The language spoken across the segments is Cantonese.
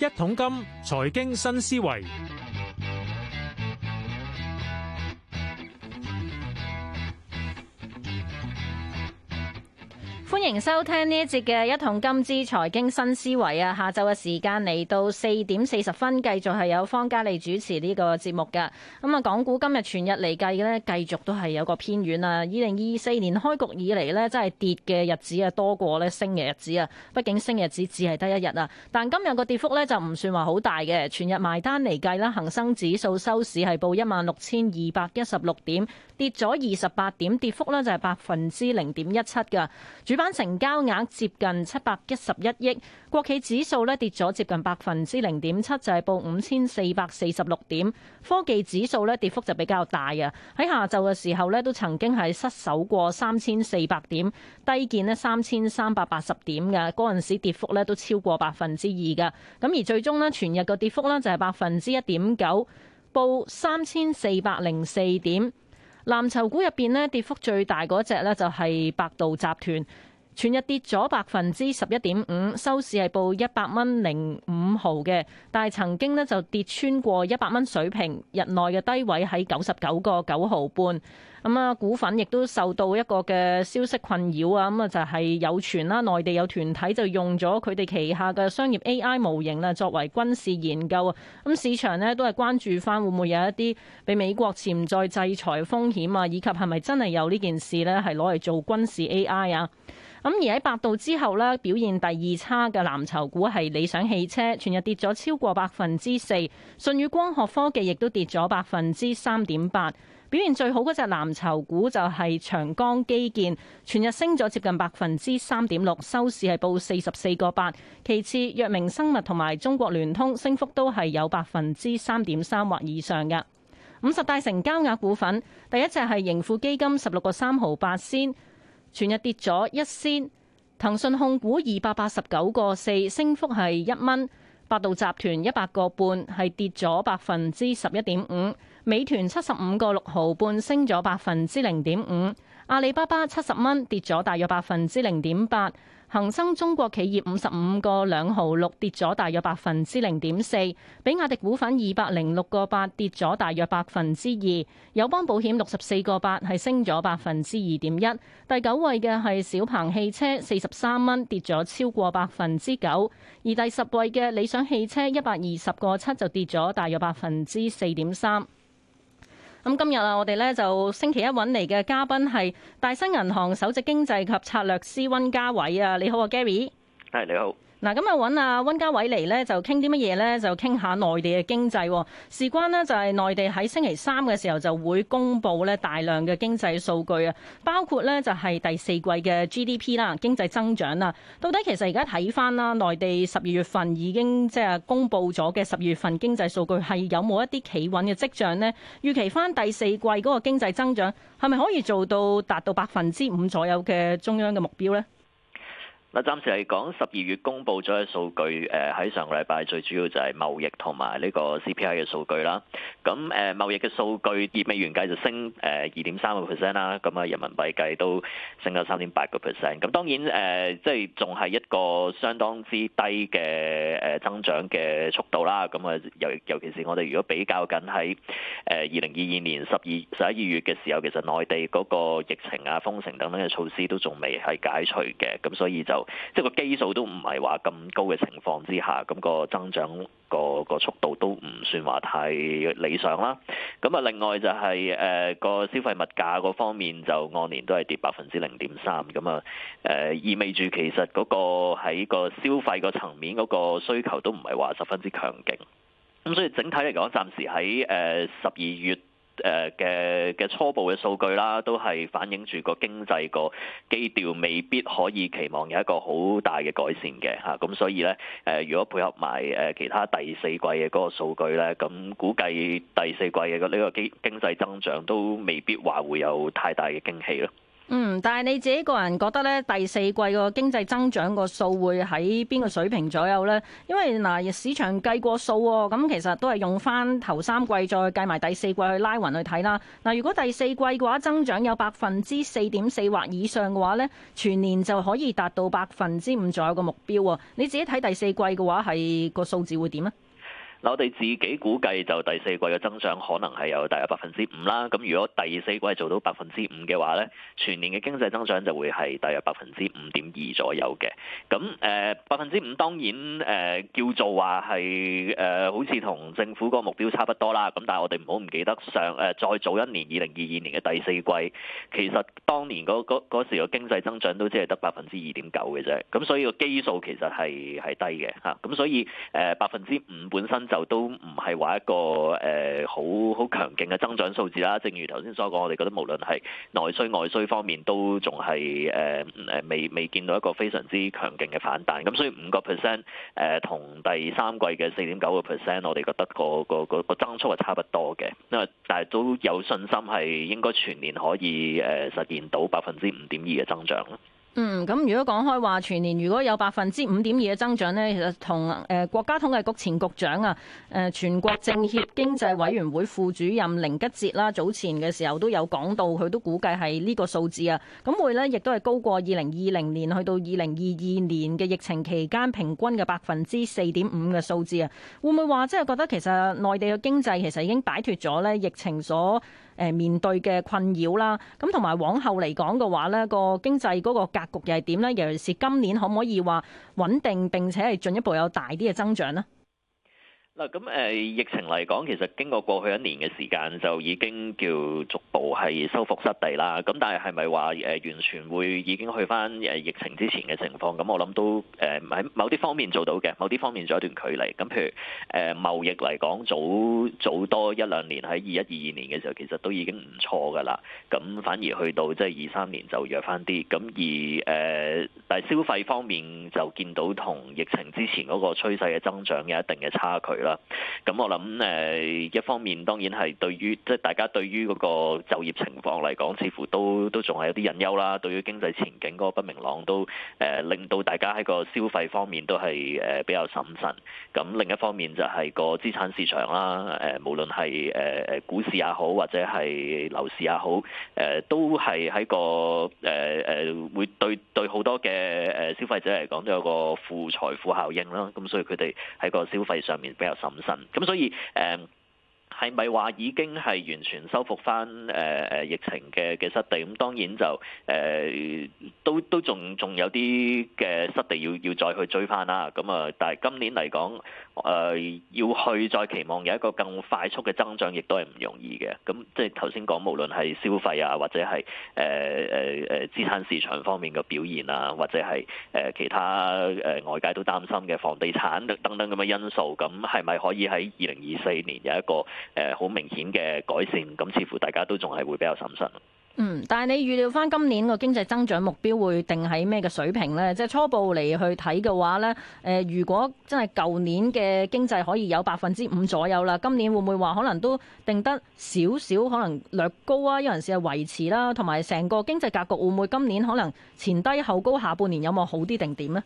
一桶金，財經新思維。歡迎收聽呢一節嘅一桶金之財經新思維啊！下晝嘅時間嚟到四點四十分，繼續係有方嘉莉主持呢個節目噶。咁、嗯、啊，港股今日全日嚟計呢，繼續都係有個偏軟啊。二零二四年開局以嚟呢，真係跌嘅日子啊多過呢升嘅日子啊。畢竟升嘅日子只係得一日啊。但今日個跌幅呢，就唔算話好大嘅。全日埋單嚟計啦，恒生指數收市係報一萬六千二百一十六點，跌咗二十八點，跌幅呢就係百分之零點一七噶。主板成交額接近七百一十一億，國企指數咧跌咗接近百分之零點七，就係報五千四百四十六點。科技指數咧跌幅就比較大啊。喺下晝嘅時候咧，都曾經係失守過三千四百點，低見咧三千三百八十點嘅嗰陣時，跌幅咧都超過百分之二噶。咁而最終咧，全日嘅跌幅咧就係百分之一點九，報三千四百零四點。藍籌股入邊咧，跌幅最大嗰隻咧就係百度集團。全日跌咗百分之十一點五，收市係報一百蚊零五毫嘅。但係曾經呢就跌穿過一百蚊水平，日內嘅低位喺九十九個九毫半。咁、嗯、啊，股份亦都受到一個嘅消息困擾啊。咁、嗯、啊，就係、是、有傳啦，內地有團體就用咗佢哋旗下嘅商業 AI 模型啊作為軍事研究啊。咁、嗯、市場咧都係關注翻會唔會有一啲俾美國潛在制裁風險啊，以及係咪真係有呢件事咧，係攞嚟做軍事 AI 啊？咁而喺百度之後咧，表現第二差嘅藍籌股係理想汽車，全日跌咗超過百分之四。舜宇光學科技亦都跌咗百分之三點八。表現最好嗰隻藍籌股就係長江基建，全日升咗接近百分之三點六，收市係報四十四個八。其次，藥明生物同埋中國聯通升幅都係有百分之三點三或以上嘅。五十大成交額股份第一隻係盈富基金，十六個三毫八仙。全日跌咗一仙，騰訊控股二百八十九個四，升幅係一蚊；百度集團一百個半，係跌咗百分之十一點五；美團七十五個六毫半，升咗百分之零點五。阿里巴巴七十蚊，跌咗大約百分之零點八。恒生中國企業五十五個兩毫六，跌咗大約百分之零點四。比亞迪股份二百零六個八，跌咗大約百分之二。友邦保險六十四個八，係升咗百分之二點一。第九位嘅係小鵬汽車四十三蚊，跌咗超過百分之九。而第十位嘅理想汽車一百二十個七，就跌咗大約百分之四點三。咁今日啊，我哋咧就星期一揾嚟嘅嘉賓係大新銀行首席經濟及策略師溫嘉煒啊，你好啊 Gary。係你好。嗱，咁啊揾阿溫嘉煒嚟咧，就傾啲乜嘢咧？就傾下內地嘅經濟哦。事關咧就係內地喺星期三嘅時候就會公布咧大量嘅經濟數據啊，包括咧就係第四季嘅 GDP 啦，經濟增長啊，到底其實而家睇翻啦，內地十二月份已經即係公布咗嘅十二月份經濟數據有有，係有冇一啲企穩嘅跡象咧？預期翻第四季嗰個經濟增長，係咪可以做到達到百分之五左右嘅中央嘅目標咧？嗱，暫時嚟講，十二月公布咗嘅數據，誒喺上個禮拜最主要就係貿易同埋呢個 CPI 嘅數據啦。咁誒貿易嘅數據以美元計就升誒二點三個 percent 啦，咁啊人民幣計都升咗三點八個 percent。咁當然誒，即係仲係一個相當之低嘅誒增長嘅速度啦。咁啊，尤尤其是我哋如果比較緊喺誒二零二二年十二十一二月嘅時候，其實內地嗰個疫情啊、封城等等嘅措施都仲未係解除嘅，咁、嗯、所以就即係個基數都唔係話咁高嘅情況之下，咁個增長個個速度都唔算話太理想啦。咁啊，另外就係誒個消費物價嗰方面，就按年都係跌百分之零點三咁啊。誒、呃、意味住其實嗰個喺個消費個層面嗰個需求都唔係話十分之強勁。咁所以整體嚟講，暫時喺誒十二月，誒嘅嘅初步嘅數據啦，都係反映住個經濟個基調，未必可以期望有一個好大嘅改善嘅嚇。咁所以咧，誒如果配合埋誒其他第四季嘅嗰個數據咧，咁估計第四季嘅呢個經經濟增長都未必話會有太大嘅驚喜咯。嗯，但係你自己個人覺得咧，第四季個經濟增長個數會喺邊個水平左右呢？因為嗱、呃，市場計過數咁、哦嗯，其實都係用翻頭三季再計埋第四季去拉勻去睇啦。嗱、呃，如果第四季嘅話增長有百分之四點四或以上嘅話呢，全年就可以達到百分之五左右嘅目標啊、哦！你自己睇第四季嘅話係個數字會點啊？嗱，我哋自己估計就第四季嘅增長可能係有大約百分之五啦。咁如果第四季做到百分之五嘅話，呢全年嘅經濟增長就會係大約百分之五點二左右嘅。咁誒百分之五當然誒、呃、叫做話係誒好似同政府個目標差不多啦。咁但係我哋唔好唔記得上誒、呃、再早一年二零二二年嘅第四季，其實當年嗰嗰嗰時嘅經濟增長都只係得百分之二點九嘅啫。咁所以個基數其實係係低嘅嚇。咁所以誒百分之五本身。就都唔係話一個誒好好強勁嘅增長數字啦。正如頭先所講，我哋覺得無論係內需外需方面，都仲係誒誒未未見到一個非常之強勁嘅反彈，咁所以五個 percent 誒同第三季嘅四點九個 percent，我哋覺得個個個個增速係差不多嘅。因為但係都有信心係應該全年可以誒、呃、實現到百分之五點二嘅增長。嗯，咁如果講開話，全年如果有百分之五點二嘅增長呢，其實同誒國家統計局前局長啊，誒全國政協經濟委員會副主任凌吉喆啦，早前嘅時候都有講到，佢都估計係呢個數字啊，咁會呢亦都係高過二零二零年去到二零二二年嘅疫情期間平均嘅百分之四點五嘅數字啊，會唔會話即係覺得其實內地嘅經濟其實已經擺脫咗呢疫情所誒面對嘅困擾啦，咁同埋往後嚟講嘅話咧，呢個經濟嗰個格局又係點咧？尤其是今年可唔可以話穩定並且係進一步有大啲嘅增長咧？咁誒疫情嚟講，其實經過過去一年嘅時間，就已經叫逐步係收復失地啦。咁但係係咪話誒完全會已經去翻誒疫情之前嘅情況？咁我諗都誒喺某啲方面做到嘅，某啲方面仲有段距離。咁譬如誒貿易嚟講，早早多一兩年喺二一二二年嘅時候，其實都已經唔錯㗎啦。咁反而去到即係二三年就弱翻啲。咁而誒但係消費方面就見到同疫情之前嗰個趨勢嘅增長有一定嘅差距啦。咁、嗯、我諗誒、呃，一方面當然係對於即係大家對於嗰個就業情況嚟講，似乎都都仲係有啲隱憂啦。對於經濟前景嗰個不明朗都，都、呃、誒令到大家喺個消費方面都係誒比較審慎。咁、嗯、另一方面就係個資產市場啦，誒、呃、無論係誒誒股市也好，或者係樓市也好，誒、呃、都係喺個誒誒、呃、會對對好多嘅誒消費者嚟講都有個負財富效應啦。咁、嗯、所以佢哋喺個消費上面比較。審慎咁，深深所以誒。Um 係咪話已經係完全收復翻？誒誒疫情嘅嘅失地咁，當然就誒、呃、都都仲仲有啲嘅失地要要再去追翻啦。咁啊，但係今年嚟講，誒、呃、要去再期望有一個更快速嘅增長，亦都係唔容易嘅。咁即係頭先講，無論係消費啊，或者係誒誒誒資產市場方面嘅表現啊，或者係誒、呃、其他誒外界都擔心嘅房地產等等咁嘅因素，咁係咪可以喺二零二四年有一個？誒好明顯嘅改善，咁似乎大家都仲係會比較謹慎。嗯，但係你預料返今年個經濟增長目標會定喺咩嘅水平呢？即係初步嚟去睇嘅話呢，誒如果真係舊年嘅經濟可以有百分之五左右啦，今年會唔會話可能都定得少少，可能略高啊？有陣時係維持啦、啊，同埋成個經濟格局會唔會今年可能前低後高，下半年有冇好啲定點呢？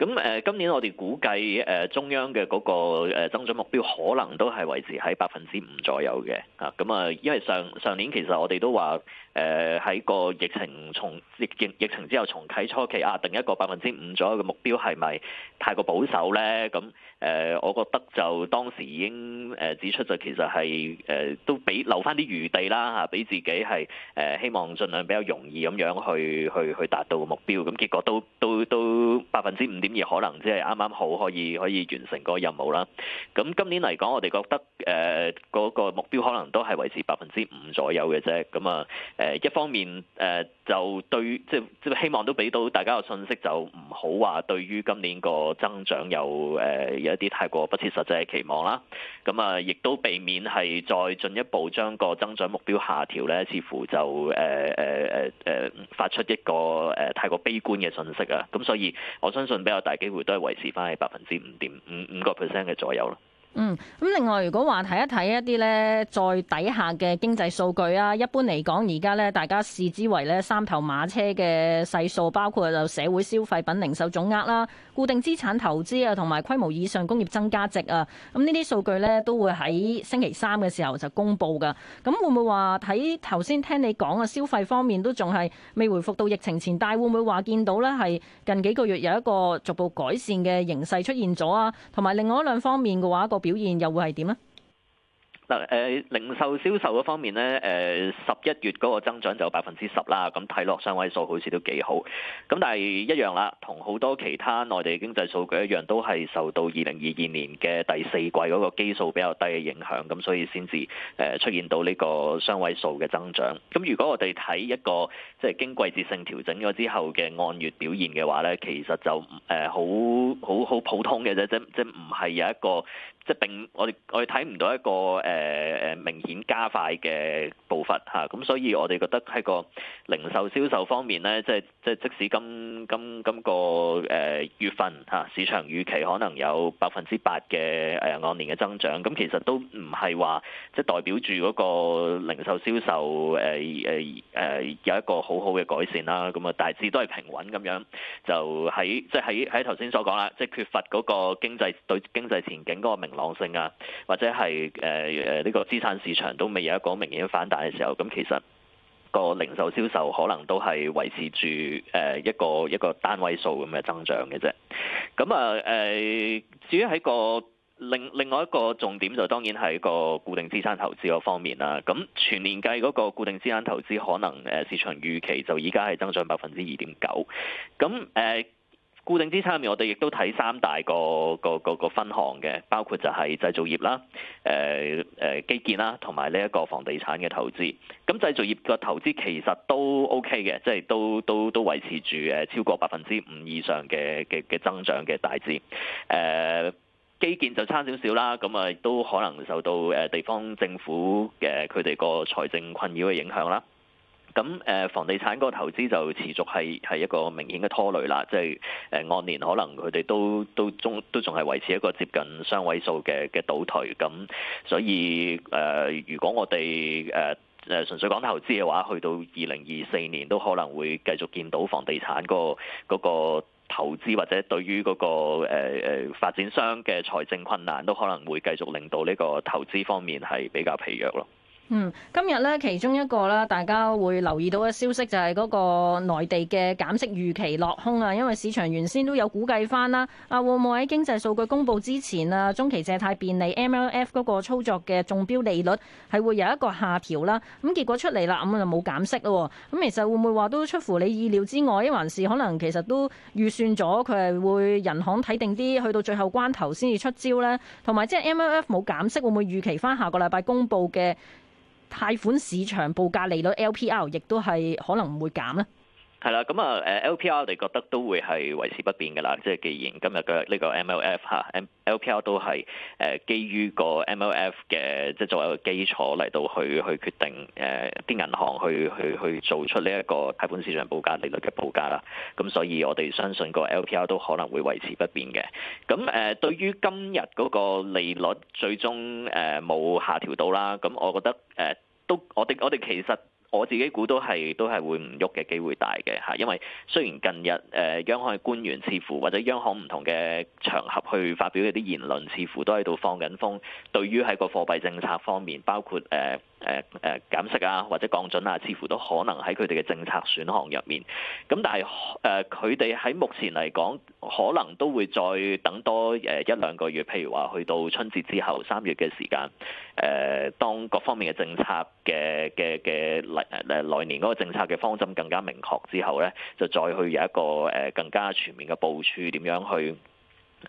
咁誒，今年我哋估計誒中央嘅嗰個誒增長目標，可能都係維持喺百分之五左右嘅。啊，咁啊，因為上上年其實我哋都話誒喺個疫情重疫疫疫情之後重啟初期啊，定一個百分之五左右嘅目標係咪太過保守咧？咁誒，我覺得就當時已經誒指出就其實係誒都俾留翻啲餘地啦嚇，俾自己係誒希望儘量比較容易咁樣去去去達到個目標。咁結果都都都百分之五點。而可能只係啱啱好可以可以完成個任務啦。咁今年嚟講，我哋覺得誒嗰、呃那個目標可能都係維持百分之五左右嘅啫。咁啊誒一方面誒、呃、就對即係即係希望都俾到大家嘅信息，就唔好話對於今年個增長有誒、呃、有一啲太過不切實際嘅期望啦。咁啊，亦都避免係再進一步將個增長目標下調咧，似乎就誒誒誒誒發出一個誒太過悲觀嘅信息啊。咁所以我相信比較。大機會都係維持翻喺百分之五點五五個 percent 嘅左右咯。嗯，咁另外如果話睇一睇一啲咧，再底下嘅經濟數據啊，一般嚟講而家咧，大家視之為咧三頭馬車嘅細數，包括就社會消費品零售總額啦、固定資產投資啊，同埋規模以上工業增加值啊，咁呢啲數據咧都會喺星期三嘅時候就公布噶咁會唔會話睇頭先聽你講啊，消費方面都仲係未回復到疫情前，但係會唔會話見到咧係近幾個月有一個逐步改善嘅形勢出現咗啊？同埋另外一兩方面嘅話，個表現又會係點啊？嗱零售銷售嗰方面咧，誒十一月嗰個增長就百分之十啦，咁睇落雙位數好似都幾好。咁但係一樣啦，同好多其他內地經濟數據一樣，都係受到二零二二年嘅第四季嗰個基數比較低嘅影響，咁所以先至誒出現到呢個雙位數嘅增長。咁如果我哋睇一個即係、就是、經季節性調整咗之後嘅按月表現嘅話咧，其實就誒好好好普通嘅啫，即即唔係有一個即係、就是、並我哋我哋睇唔到一個誒。誒誒明顯加快嘅步伐嚇，咁、啊、所以我哋覺得喺個零售銷售方面呢，即係即係即使今今今個誒、呃、月份嚇、啊、市場預期可能有百分之八嘅誒按年嘅增長，咁、啊、其實都唔係話即係代表住嗰個零售銷售誒誒誒有一個好好嘅改善啦，咁啊大致都係平穩咁樣，就喺即喺喺頭先所講啦，即、就、係、是、缺乏嗰個經濟對經濟前景嗰個明朗性啊，或者係誒。呃呃誒呢個資產市場都未有一個明顯反彈嘅時候，咁其實個零售銷售可能都係維持住誒一個一個單位數咁嘅增長嘅啫。咁啊誒，至於喺個另另外一個重點就當然係個固定資產投資嗰方面啦。咁全年計嗰個固定資產投資可能誒市場預期就而家係增長百分之二點九。咁誒。固定資產入面，我哋亦都睇三大個個個分項嘅，包括就係製造業啦、誒誒基建啦，同埋呢一個房地產嘅投資。咁製造業個投資其實都 OK 嘅，即係都都都維持住誒超過百分之五以上嘅嘅嘅增長嘅大致。誒基建就差少少啦，咁啊亦都可能受到誒地方政府嘅佢哋個財政困擾嘅影響啦。咁誒，房地產個投資就持續係係一個明顯嘅拖累啦，即係誒按年可能佢哋都都中都仲係維持一個接近雙位數嘅嘅倒退，咁所以誒、呃，如果我哋誒誒純粹講投資嘅話，去到二零二四年都可能會繼續見到房地產嗰個嗰個投資，或者對於嗰個誒誒、呃、發展商嘅財政困難都可能會繼續令到呢個投資方面係比較疲弱咯。嗯，今日咧，其中一個啦，大家會留意到嘅消息就係嗰個內地嘅減息預期落空啊！因為市場原先都有估計翻啦，啊會唔會喺經濟數據公布之前啊，中期借貸便利 MLF 嗰個操作嘅中標利率係會有一個下調啦。咁、啊嗯、結果出嚟啦，咁就冇減息咯。咁、啊嗯、其實會唔會話都出乎你意料之外，還是可能其實都預算咗佢係會人行睇定啲，去到最後關頭先至出招呢？同埋即係 MLF 冇減息，會唔會預期翻下個禮拜公布嘅？貸款市場報價利率 LPR 亦都係可能唔會減啦。係啦，咁啊，誒 LPR 我哋覺得都會係維持不變嘅啦。即係既然今日嘅呢個 MLF 嚇，LPR 都係誒基於個 MLF 嘅，即係作為一個基礎嚟到去去決定誒啲、呃、銀行去去去做出呢一個貸款市場報價利率嘅報價啦。咁所以我哋相信個 LPR 都可能會維持不變嘅。咁誒，對於今日嗰個利率最終誒冇下調到啦，咁我覺得誒、呃、都我哋我哋其實。我自己估都係都係會唔喐嘅機會大嘅吓，因為雖然近日誒、呃、央行嘅官員似乎或者央行唔同嘅場合去發表一啲言論，似乎都喺度放緊風，對於喺個貨幣政策方面，包括誒，呃誒誒減息啊，或者降準啊，似乎都可能喺佢哋嘅政策選項入面。咁但係誒，佢哋喺目前嚟講，可能都會再等多誒一，一兩個月。譬如話去到春節之後三月嘅時間，誒、啊、當各方面嘅政策嘅嘅嘅嚟誒來年嗰個政策嘅方針更加明確之後咧，就再去有一個誒更加全面嘅部署，點樣去？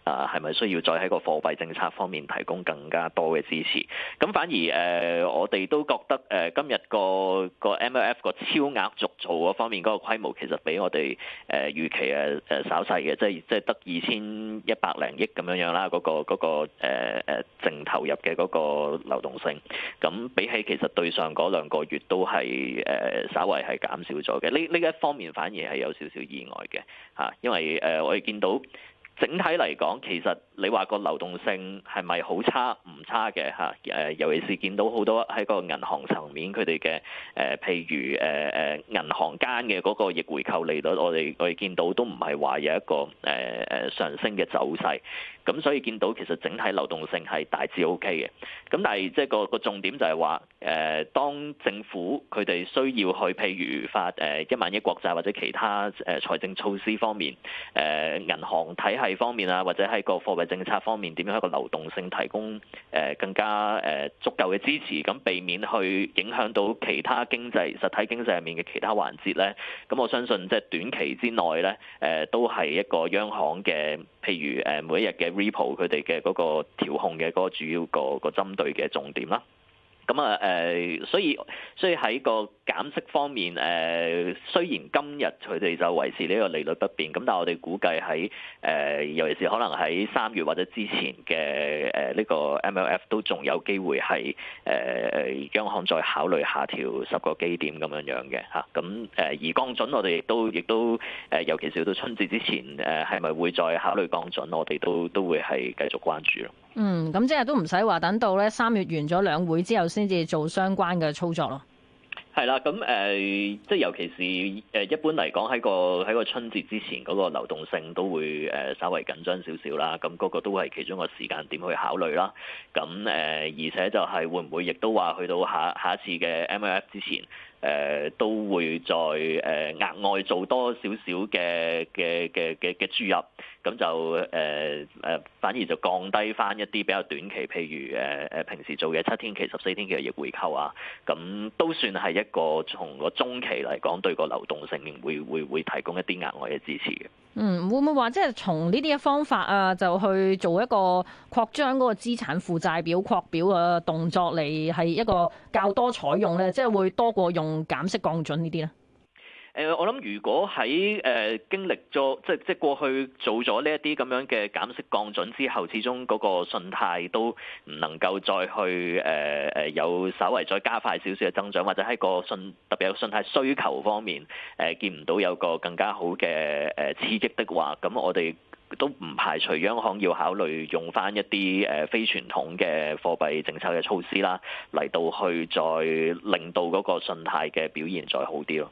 啊，係咪需要再喺個貨幣政策方面提供更加多嘅支持？咁反而誒、呃，我哋都覺得誒、呃、今日個個 MLF 個超額續造嗰方面嗰、嗰個規模，其實比我哋誒、呃、預期誒誒稍細嘅，即係即係得二千一百零億咁樣樣啦。嗰、嗰個嗰、嗰個誒、呃、淨投入嘅嗰個流動性，咁比起其實對上嗰兩個月都係誒稍為係減少咗嘅。呢呢一,一方面反而係有少少意外嘅嚇，因為誒、呃、我哋見到。整體嚟講，其實。你話個流動性係咪好差唔差嘅嚇？誒，尤其是見到好多喺個銀行層面佢哋嘅誒，譬如誒誒、呃、銀行間嘅嗰個逆回購利率，我哋我哋見到都唔係話有一個誒誒、呃、上升嘅走勢。咁所以見到其實整體流動性係大致 OK 嘅。咁但係即係個個重點就係話誒，當政府佢哋需要去譬如發誒一萬億國債或者其他誒財政措施方面，誒、呃、銀行體系方面啊，或者喺個貨幣政策方面點樣一個流動性提供誒更加誒足夠嘅支持，咁避免去影響到其他經濟實體經濟入面嘅其他環節咧。咁我相信即係短期之內咧，誒、呃、都係一個央行嘅，譬如誒每一日嘅 repo 佢哋嘅嗰個調控嘅嗰個主要、嗰個、嗰個針對嘅重點啦。咁啊誒所以所以喺個。減息方面，誒、呃、雖然今日佢哋就維持呢個利率不變咁，但係我哋估計喺誒、呃，尤其是可能喺三月或者之前嘅誒呢個 MLF 都仲有機會係誒、呃、央行再考慮下調十個基點咁樣樣嘅嚇。咁、啊、誒而降準，我哋亦都亦都誒，尤其是到春節之前誒，係、呃、咪會再考慮降準，我哋都都會係繼續關注咯。嗯，咁即係都唔使話等到咧三月完咗兩會之後先至做相關嘅操作咯。係啦，咁誒，即係尤其是誒一般嚟講喺個喺個春節之前嗰、那個流動性都會誒稍微緊張少少啦，咁、那、嗰個都係其中一個時間點去考慮啦。咁誒，而且就係會唔會亦都話去到下下一次嘅 MLF 之前，誒、呃、都會再誒額外做多少少嘅嘅嘅嘅嘅注入，咁就誒誒、呃、反而就降低返一啲比較短期，譬如誒誒平時做嘅七天期、十四天期嘅逆回購啊，咁都算係一個從個中期嚟講，對個流動性會會會提供一啲額外嘅支持嘅。嗯，會唔會話即係從呢啲嘅方法啊，就去做一個擴張嗰個資產負債表擴表嘅動作嚟，係一個較多採用咧，即係會多過用減息降準呢啲咧？誒、呃，我諗如果喺誒、呃、經歷咗即即過去做咗呢一啲咁樣嘅減息降準之後，始終嗰個信貸都唔能夠再去誒誒、呃、有稍為再加快少少嘅增長，或者喺個信特別有信貸需求方面誒、呃、見唔到有個更加好嘅誒刺激的話，咁我哋都唔排除央行要考慮用翻一啲誒非傳統嘅貨幣政策嘅措施啦，嚟到去再令到嗰個信貸嘅表現再好啲咯。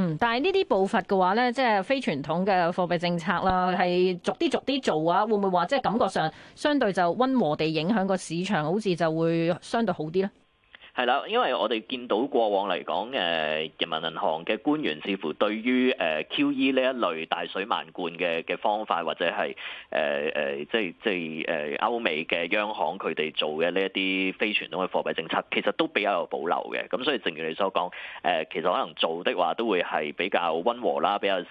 嗯，但係呢啲步伐嘅話咧，即係非傳統嘅貨幣政策啦，係逐啲逐啲做啊，會唔會話即係感覺上相對就溫和地影響個市場，好似就會相對好啲咧？係啦，因為我哋見到過往嚟講，誒人民銀行嘅官員似乎對於誒 QE 呢一類大水漫灌嘅嘅方法，或者係誒誒即係即係誒歐美嘅央行佢哋做嘅呢一啲非傳統嘅貨幣政策，其實都比較有保留嘅。咁所以正如你所講，誒、呃、其實可能做嘅話都會係比較溫和啦，比較誒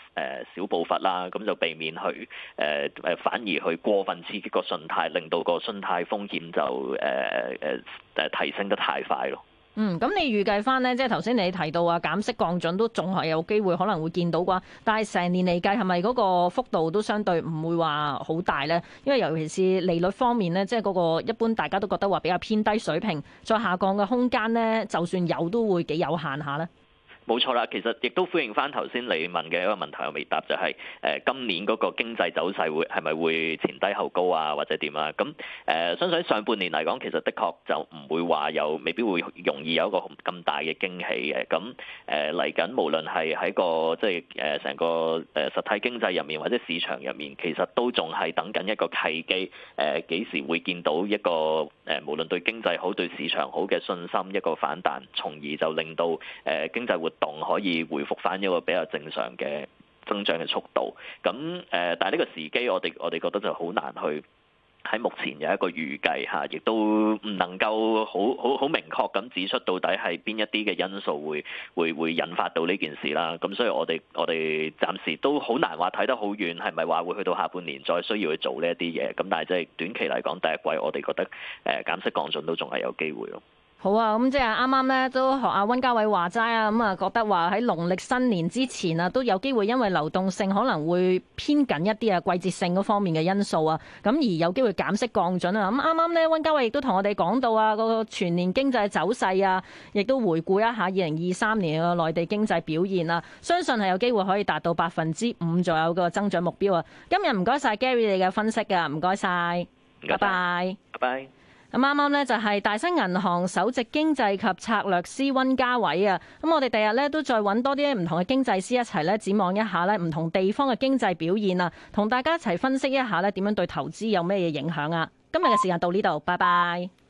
小步伐啦，咁就避免去誒誒、呃、反而去過分刺激個信貸，令到個信貸風險就誒誒誒提升得太快咯。嗯，咁你預計翻呢？即係頭先你提到話減息降準都仲係有機會可能會見到啩，但係成年嚟計係咪嗰個幅度都相對唔會話好大呢？因為尤其是利率方面呢，即係嗰個一般大家都覺得話比較偏低水平，再下降嘅空間呢，就算有都會幾有限下呢？冇錯啦，其實亦都歡迎翻頭先你問嘅一個問題有有，我未答就係、是、誒今年嗰個經濟走勢會係咪會前低後高啊，或者點啊？咁誒、呃，相信上半年嚟講，其實的確就唔會話有未必會容易有一個咁大嘅驚喜嘅。咁誒嚟緊，呃、無論係喺個即係誒成個誒實體經濟入面或者市場入面，其實都仲係等緊一個契機。誒、呃、幾時會見到一個誒、呃、無論對經濟好對市場好嘅信心一個反彈，從而就令到誒、呃、經濟活動可以回復翻一個比較正常嘅增長嘅速度，咁誒、呃，但係呢個時機我哋我哋覺得就好難去喺目前有一個預計嚇，亦、啊、都唔能夠好好好明確咁指出到底係邊一啲嘅因素會會會引發到呢件事啦。咁所以我，我哋我哋暫時都好難話睇得好遠，係咪話會去到下半年再需要去做呢一啲嘢？咁但係即係短期嚟講，第一季我哋覺得誒減息降準都仲係有機會咯。好啊，咁、嗯、即係啱啱咧都學阿溫嘉煒話齋啊，咁、嗯、啊覺得話喺農曆新年之前啊，都有機會因為流動性可能會偏緊一啲啊，季節性嗰方面嘅因素啊，咁、嗯、而有機會減息降準啊。咁啱啱咧，溫嘉煒亦都同我哋講到啊，個全年經濟走勢啊，亦都回顧一下二零二三年嘅內地經濟表現啊，相信係有機會可以達到百分之五左右嘅增長目標啊。今日唔該晒 Gary 你嘅分析啊，唔該晒，謝謝拜拜，拜拜。咁啱啱呢就係大新銀行首席經濟及策略師溫嘉煒啊，咁我哋第日呢，都再揾多啲唔同嘅經濟師一齊呢，展望一下呢唔同地方嘅經濟表現啊，同大家一齊分析一下呢點樣對投資有咩嘢影響啊？今日嘅時間到呢度，拜拜。